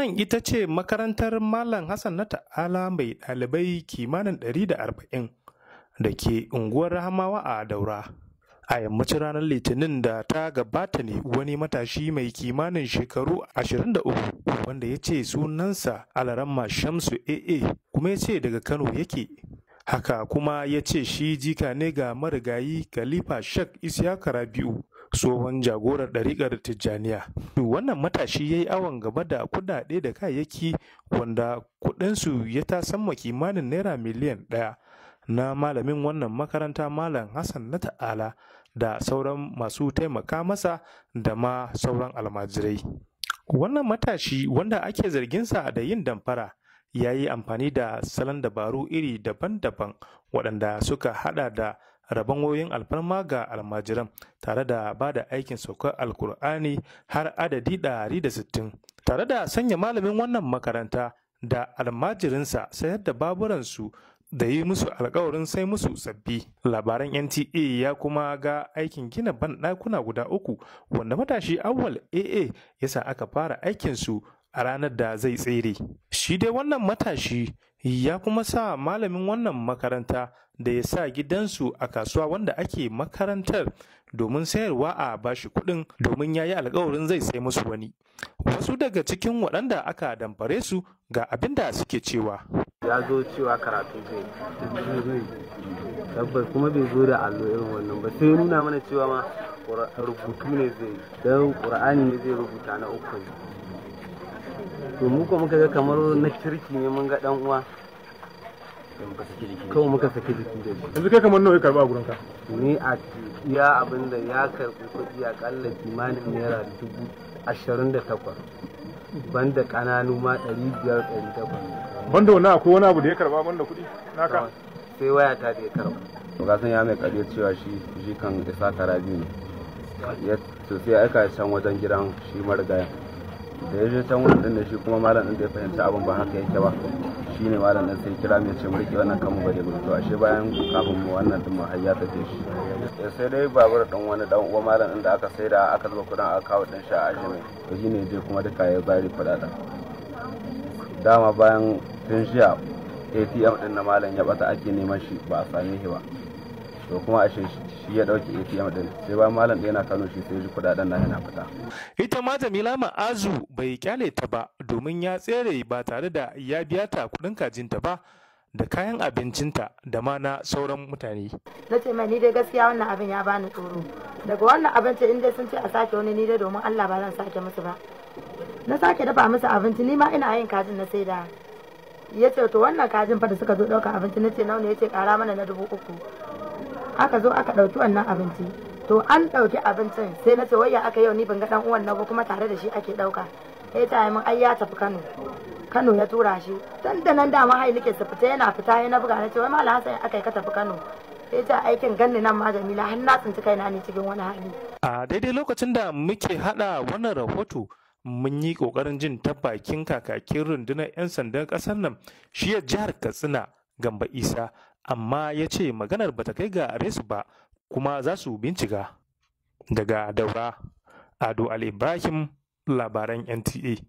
Wannan ita ce makarantar Malam Hassan na ta'ala mai ɗalibai kimanin 140 da ke unguwar Rahamawa a Daura. A yammacin ranar Litinin da ta gabata ne wani matashi mai kimanin shekaru 23 wanda ya ce sunansa Alaramma Shamsu AA kuma ya ce daga Kano yake. Haka kuma ya ce shi jika ne ga marigayi Khalifa Shek Isiyaka Rabi'u tsohon jagorar ɗariƙar Tijjaniya. Wannan matashi ya yi awon gaba da kuɗaɗe da kayayyaki wanda kuɗinsu ya tasamma kimanin naira miliyan ɗaya na malamin wannan makaranta Malam Hassan na ta'ala da sauran masu taimaka masa da ma sauran almajirai. Wannan matashi wanda ake zarginsa da yin damfara. ya yi amfani da salon dabaru iri daban-daban waɗanda suka haɗa da rabon wayoyin alfarma ga almajiran tare da ba da aikin saukar alkur'ani har adadi ɗari da sittin tare da sanya malamin wannan makaranta da almajirinsa sayar da baburansu da yi musu alkawarin sai musu sabbi labaran nta ya kuma ga aikin gina banɗakuna guda uku wanda matashi awal aa yasa aka fara aikinsu a ranar da zai tsere shi dai wannan matashi ya kuma sa malamin wannan makaranta da ya sa gidansu a kasuwa wanda ake makarantar domin sayarwa a bashi kuɗin domin ya yi alkawarin zai sai musu wani wasu daga cikin waɗanda aka damfare su ga abin da suke cewa ya zo cewa karatu zai tabbas kuma bai zo da allo irin wannan ba sai nuna mana cewa ma rubutu ne zai don ƙur'ani ne zai rubuta na uku to mu ko muka ga kamar na kirki ne mun ga dan uwa kawai muka saki jiki da shi yanzu kai kamar nawa ya karba a gurinka ni a ya abinda ya karbi kuɗi akalla kimanin naira dubu ashirin da takwas banda kananu ma ɗari biyar ɗari takwas banda wani akwai wani abu da ya karba banda kuɗi naka sai waya ta da ya karba to ka san ya mai ƙarfi cewa shi shi kan isa karabi ne ya to sai aika can wajen gidan shi marigayan da ya je can wurin din da shi kuma malam din da ya fahimci abin ba haka yake ba shi ne malam din sai kira mai ce mu rike wannan kanmu ba da to ashe bayan kafin mu wannan din mu har ya tafi shi sai dai babur din wani dan uwa malam din da aka saida aka zuba kudin aka kawo din shi a ajimi to shi ne je kuma duka ya bari kudada dama bayan tun jiya atm ɗin na malam ya bata ake neman shi ba a same shi ba to kuma ashe shi ya dauki ATM din sai ba malam ɗaya na Kano shi sai ji kudaden nan yana fita ita ma Jamila Ma'azu bai kyale ta ba domin ya tsere ba tare da ya biya ta kudin ta ba da kayan abincinta da ma na sauran mutane. Na ce mai ni dai gaskiya wannan abin ya bani tsoro. Daga wannan abinci in dai sun ce a sake wani ni dai domin Allah ba zan sake musu ba. Na sake dafa musu abinci ni ma ina yin kajin na sai da. Ya ce to wannan kajin fa da suka zo ɗauka abinci na ce nawa ya ce ƙara mana na dubu uku. aka zo aka ɗauki wannan abinci to an ɗauki abincin sai na ce wayya aka yau ni ban ga ɗan uwan na ba kuma tare da shi ake ɗauka sai ta min ai ya tafi Kano Kano ya tura shi dan da nan dama hai nake su fita yana fita yana buga na ce wai malam Hassan aka yi ka tafi Kano sai ta aikin ganni nan ma Jamila har na tsinci kaina ne cikin wani hali a daidai lokacin da muke hada wannan rahoto mun yi kokarin jin ta bakin kakakin rundunar 'yan sandan kasar nan shi ya jihar katsina gamba isa amma ya ce maganar ba ta kai ga su ba kuma za su bincika daga daura ado al labaran nta